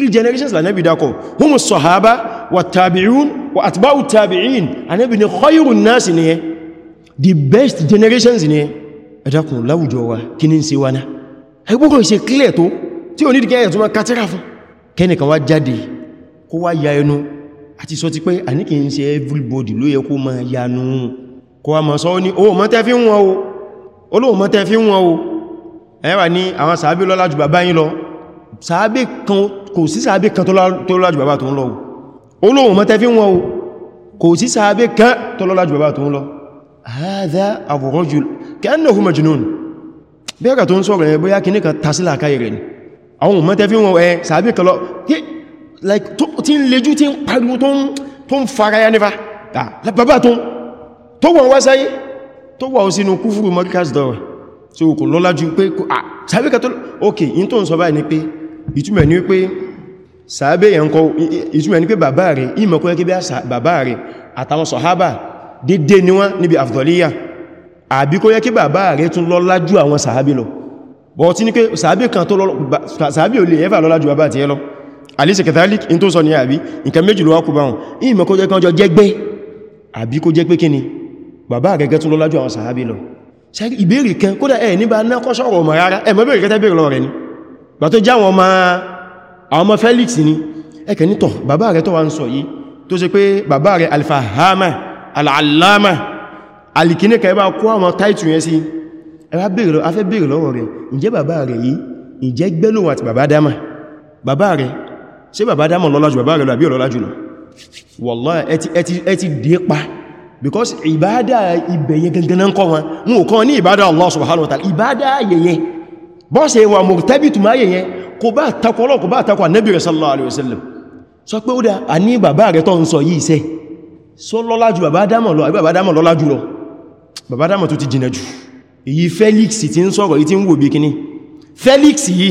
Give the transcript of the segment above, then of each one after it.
three generations la nabi dako humu sahaba wa tabi'un wa atba'u tabi'in anabi ni khayrun nas ni the best generations ni edakun láwùjọ wa kini nse wa na e gbogbo ṣe clear to ti oni dike tun ma katira fún keni kan wá jáde kó wá ya ẹnu àti sọ ti pé ani kin ṣe everybody ló yẹ kó má yanu kó wá má sọ ni o mo te fi won o olohun mo te fi won o e wa ni àwọn sahabi lọ́lá jù bàbá yín lọ sahabi kan kò sí sàábé kan tó lọ́lá jù bàbá tó ń lọ olóhun mọ́tẹ́ fi wọn o kò sí sàábé kan tó lọ́lá jù bàbá tó ń lọ hadha abu rajul ka'annahu majnun bẹ́ẹ̀kà tó ń sọ̀rọ̀ ẹ̀ bóyá kìíní kan tasílà káyẹ̀ rẹ̀ ni àwọn mọ́tẹ́ fi wọn ẹ sàábé kan lọ tí ń lejú tí ń pariwo tó ń fara ya nífà bàbá tó ìtumẹ̀ ni wípé sàábẹ̀ yẹn kọ ìtumẹ̀ ní pé bàbá rẹ̀ ìmọ̀kọ́ yẹ́ kí bí bàbá rẹ̀ àtàwọn sọ̀hábà dédé ni wọ́n níbi afdoliya àbí kó yẹ́ kí bàbá rẹ̀ tún lọ́lá ju àwọn sàábẹ̀ lọ bọ̀ tí ní pé sàábẹ̀ kan tó sàábẹ̀ ò lè ẹ́fà lọ́lá ju bàbá tiẹ̀ lọ alisa catholic in tó sọ ní àbí nǹkan méjì ló wá kú bá wọn ìmọ̀kọ́ jẹ́ kan jọ jẹ́gbẹ́ àbí kó jẹ́ pé kíni bàbá rẹ̀ gẹ́ tún lọ́lá ju àwọn sàábẹ̀ lọ ṣẹ́rí ìbéèrè kan kódà ẹ̀ níbà náà kọ́ sọ̀rọ̀ ọmọ rárá ẹ̀mọ́ bèèrè kẹta bèèrè lọ rẹ̀ ni gbà àwọn ọmọ Felix ni ẹkẹ̀ nítọ̀ bàbá rẹ̀ tó wá ń sọ yìí tó ṣe pé bàbá rẹ̀ alfahama al'alama alìkíníkà ẹbá kó àwọn táìtù yẹn sí ẹbá bèèrè lọ afẹ́ bèèrè lọ́wọ́ rẹ̀ ǹjẹ́ bàbá rẹ̀ yìí ǹjẹ́ gbẹ́lòwà àti bàbá dáma bàbá rẹ̀ ṣe bàbá dáma because ìbádà ibẹ̀yẹ ganganan kọ́ wọn wọn ò kọ́ ní ìbádà Allah subhanahu wa ta'ala ìbádà ayẹyẹ bọ́ọ̀sẹ̀ wà kò bá takọ̀ọ́lọ́ kò bá takọ̀ ànẹ́bì rẹ̀ sallallahu alaihi wasallam sọ pé ó dá a ní bàbá rẹ̀ tó ń sọ yìí iṣẹ́ sọ lọ́lá jù bàbá dámọ̀ lọ àbí bàbá dámọ̀ lọ́lá jù lọ bàbá dámọ̀ tó ti jìnà jù èyí Felix ti ń sọ̀rọ̀ yìí ti ń wò bí kíní Felix yìí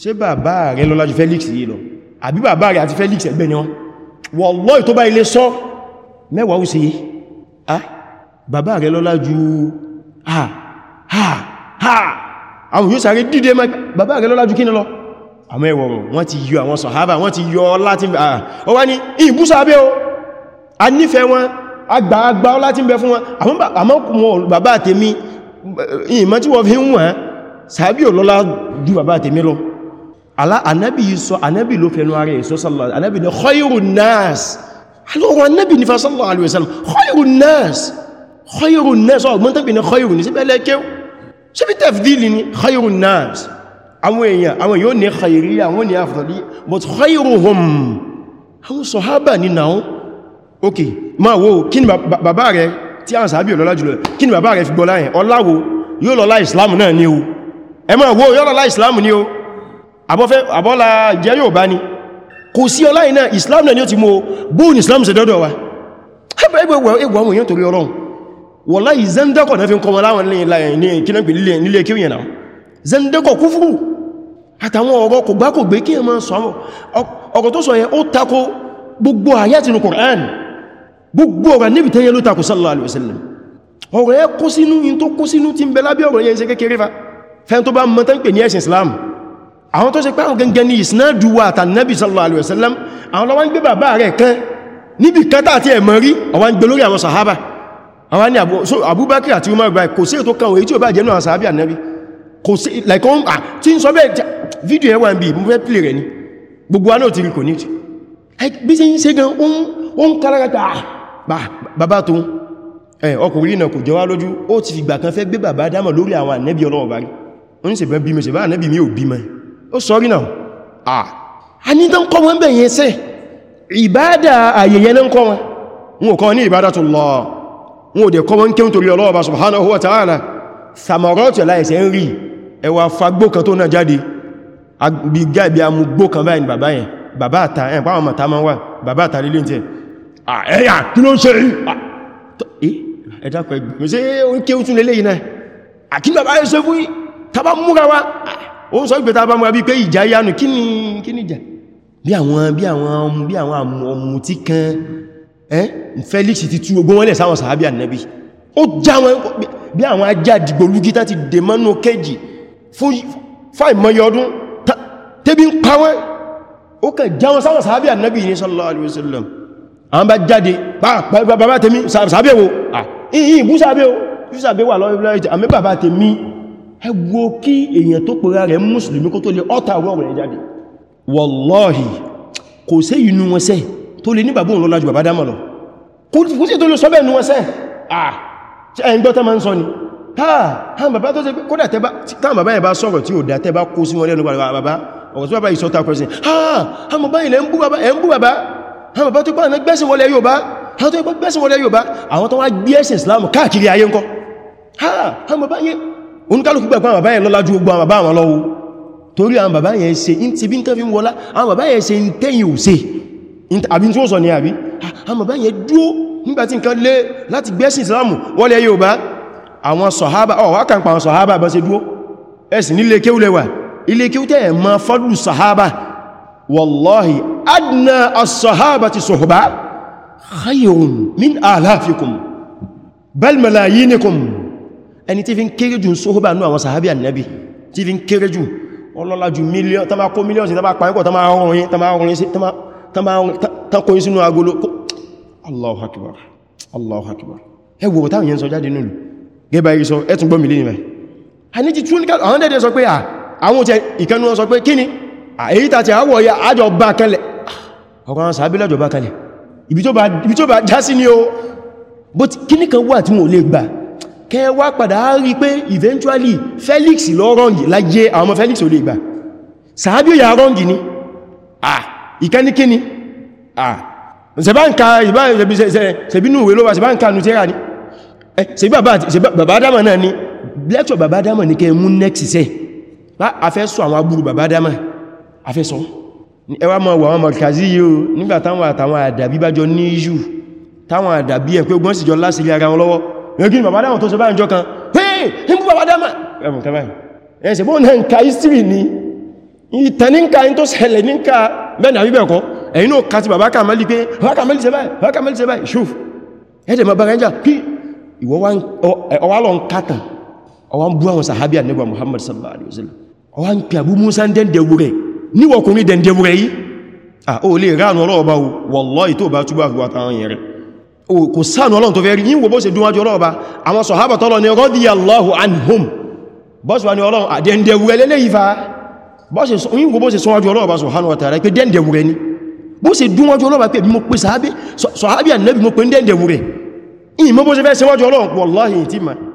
ṣé bàbá rẹ̀ lọ́lá jù Felix yìí lọ àwọn yóò sáré dìde mẹ́ bàbá rẹ̀ lọ́lájú kí ní lọ àmọ́ ẹwọ̀rùn wọ́n ti yọ àwọn sọ̀hábà wọ́n ti yọ láti ọ wá ní ìbúsàbẹ́ o a nífẹ̀ẹ́ wọn agbàgbà láti bẹ fún wọn àmọ́ bàbá tèmi ìmọ̀ tí wọ́n fi ń wọ́n sàábí ò lọ́lá ju bàbá tèmi lọ alá anábì sọ anábì ló fẹ́nu ara ẹ̀ sọ́sọ́lá anábì ní khayrun nas alóhun anábì ní fasọ́lá alìwẹ̀sọ́lá khayrun nas khayrun nas ọgbọ́n tàbí ní khayrun ní síbẹ̀lẹ́kẹ́wọ́ ṣe bí tafdili ni khayrun nas àwọn èèyàn àwọn yóò ní khayriya àwọn ní afdali but khayruhum àwọn sọ̀hábà ní náà ok ma wo kí ni bàbá rẹ̀ tí a ń sàábí ọlọ́lá jùlọ kí ni bàbá rẹ̀ fi gbọ́lá yẹn ọláwo yóò lọ́lá ìsìlámù náà ní o ẹ ma wo yóò lọ́lá ìsìlámù ní o àbọ́lá jẹ́ yóò bá ní kò sí ọlá ìná ìsìlámù náà ni ó ti mú o bóò ní ìsìlámù ṣe dọ́dọ̀ wa wallahi zandako na fi ń kọmọ láwọn ní kílẹ̀ pè nílé kí òyìnà zandako kúfúrú àtàwọn ọ̀rọ̀ kò gbá kò gbé kí ẹmọ sọmọ ọ̀rọ̀ tó sọ yẹ ó tako gbogbo àyàtì ní gbogbo ọ̀rọ̀ níbi tẹ́yẹ ló tako sallallahu alaihi wasallam ọ̀rọ̀ yẹ kó sínú in tó kó sínú ti ń bẹ lábẹ́ ọ̀rọ̀ Islam àwọn tó ṣe pé àwọn gangan ni ìsinájú sallallahu alaihi wasallam àwọn lọ́wọ́ ń gbé bàbá rẹ̀ kan níbi kan tàti ẹ̀mọ́ rí àwọn àwọn ní àbúbákì àti umar ibrahim kò sí ètò kan òye tí ó bá jẹ́ náà sàábí ànábí kò sí like on ah tí ń sọ bẹ́ẹ̀ fídíò ẹwà ń bí mú fẹ́ play rẹ̀ ní gbogbo anáà ti rí kò ní tí bí sí ń ṣe gan ó ń káràkátà bàbá tó ẹ ọkùnrin náà kò jọwá lójú ó ti fìgbà kan fẹ́ gbé bàbá dámọ̀ lórí àwọn ànábí ọlọ́wọ̀ mi ò bímọ ó sọ ah a ní tán kọ́ wọn bẹ̀ yẹn sẹ́ ìbádà àyẹyẹ náà kọ́ wọn wọn wọn ò dẹ̀ kọ́ wọ́n kéhùn torí ọlọ́ọ̀bá subhanahu wa ta'ala samarọ́tì aláìsẹ̀ ń rí ẹwà fagbó kan tó náà jáde bí gáàbí amúgbó kan báyìí bàbá yẹn bàbá àta ẹ̀ pàwọn màtá ma wà bàbá àta lílé jẹ́ ẹ̀yà kí ló ń ṣe ẹ̀dàkọ̀ ẹgbẹ̀rẹ̀ ṣe ó ń wa ó ń sọ ìpẹ́ tàbá múra bí pé ìjà yánu kí ni ìjà Eh? Felix ti tú ogun wọlẹ̀ sáwọn sàábí ànàbí ó já wọn bí àwọn ajá dìgbòlúgí tàti dèmọ́nù kéjì fáìmọ́yọ ọdún tẹ́bí ń pa wọ́n ó kàn já wọn sáwọn sàábí ànàbí ní sallallahu alaihi wasallam àwọn bá jáde bàbá tèmi sàábí wo ìyìn ah, ìbú sàábí o ìbú sàábí wà lọ́wọ́ àmì bàbá tèmi ẹ wo kí èèyàn tó pèrà rẹ̀ mùsùlùmí kó tó lè ọ́ta ọ̀rọ̀ rẹ̀ jáde wallahi kò sí inú wọn sẹ́yìn tó lè ní bàbá òun lọ́lá jù bàbá dámọ̀ lọ kò sí tó lè sọ bẹ́ẹ̀ ní wọ́n sẹ́ ah ẹ̀yìn gbọ́ta ma ń sọ ni ha bàbá tó ṣe pé kódà táwọn bàbá yẹn bá sọ̀rọ̀ tí ò dá tẹ́ bá kó sí wọn lẹ́nu bàbá ọ̀rọ̀ tí bàbá ìṣọ́ta pẹ̀sì ha bàbá ilẹ̀ ń bú bàbá ha bàbá tó pàdánà gbẹ́sìn wọlé ha tó gbẹ́sìn wọlé Yorùbá àwọn tó wá gbé ẹ̀sìn Islam káàkiri ayé ń kọ́ ha ha bàbá yẹn oníkálùkù gbàgbà bàbá yẹn lọ́lá ju gbogbo àwọn bàbá àwọn lọ́wọ́ torí àwọn bàbá yẹn ṣe ń ti bí ń tẹ́ fi ń wọlá àwọn bàbá yẹn ṣe ń tẹ́yìn ò ṣe àbí tí ó sọ ní àbí ah, àmà bá yẹn dúó nígbàtí nǹkan lé láti gbẹ́sìn islamu wọ́n lẹ Yorùbá àwọn sọ̀hábà ọ̀wọ́ kàǹpà àwọn sọ̀hábà bá ṣe dúó ẹ̀sìn nílé kéwú lẹ́wà ilé kéwú tẹ́ ma fọ́dù sọ̀hábà wallahi adna as-sahabati suhba khayrun min alafikum bal malayinikum ẹni tí fi ń kéré jù sọ̀hábà nú àwọn sàhábì annabi tí fi ń kéré jù ọlọ́lá ju mílíọ̀n sí tàbí tán kó yí sínú agolo Allahu Akbar Allahu Akbar ẹgbò táwọn yẹn sọ jáde nílùú gẹ́bà yìí sọ ẹtùn gbọ́mìlì ní mẹ́ a ní ti tún níkà àwọn dẹ̀dẹ̀ sọ pé à àwọn tẹ ìkẹnu wọn sọ pé kí ni èyí tàti àwọ̀ ya àjọ bá kalẹ̀ ọ̀rọ̀ àwọn sàábílẹ̀ àjọ bá kalẹ̀ ibi tó bá já sí ni o but kí ní kan wà tí mo lè gbà kẹ wá padà rí pé eventually Felix lọ rọ́ǹgì láyé àwọn Felix ò lè gbà sàábí ò yà rọ́ǹgì ni ah ìkẹ́níkíní ah ṣẹ̀báǹkà ṣẹ̀bínú ìwé ló wà ṣẹ̀báǹkà nù tẹ́rà ní ṣẹ̀bí bàbá dámà náà ni lẹ́tọ̀ bàbá dámà ní kẹ mú next iṣẹ́ afẹ́ sọ àwọn agbúrú bàbá dámà afẹ́ sọ ẹwà mọ̀ wà wọn mọ̀kàzí yóò nígbà táwọn àtàwọn àdàbí bá jọ ní iṣu táwọn àdàbí ẹ̀ pé gbọ́n sì jọ lásìrí ara wọn lọ́wọ́ ẹgbìn bàbá dámà tó sọ báyìí jọ kan hey himbu bàbá dámà ẹ̀sẹ̀ bọ́n náà ń ka history ni ìtẹ̀ ní ń ka in tó ṣẹlẹ̀ ní ń ka bẹ́ẹ̀ni àbí bẹ́ẹ̀ kọ́ ẹ̀yin náà kàtí bàbá kàmálì pé bàbá kàmálì ṣe báyìí bàbá kàmálì ṣe báyìí ṣúf ẹ̀dẹ̀ ma bára ẹjà kí ìwọ wá lọ Muhammad sallallahu alaihi wasallam ọwá ń pè Abu Musa ń dẹ́ndẹ̀wò rẹ̀ níwọ̀kùnrin dẹ̀ndẹ̀wò rẹ̀ yìí ó lè ránu ọlọ́ọ̀bá wallahi tó bá túbà wà táwọn yẹn rẹ̀ kò sáànù ọlọ́run tó fẹ́ rí yíwọ bó ṣe dúnwájú ọlọ́ọ̀bá àwọn sọ̀hábà tọ́lọ ni radiyallahu anhum bọ́sùwá ni ọlọ́run àdẹ́ndẹ̀wò ẹlẹ́lẹ́ yìí yíò bó ṣe sọ wájú ọlọ́ọ̀bá subhanahu wa ta'ala pé dẹ́ndẹ̀wù rẹ ni bó ṣe dún wájú ọlọ́ọ̀bá pé mo pè sàábí ànábì mo pè ń dẹ́ndẹ̀wù rẹ ìyìn mọ́ bó ṣe fẹ́ ṣe wájú ọlọ́ọ̀pọ̀ wallahi tí ma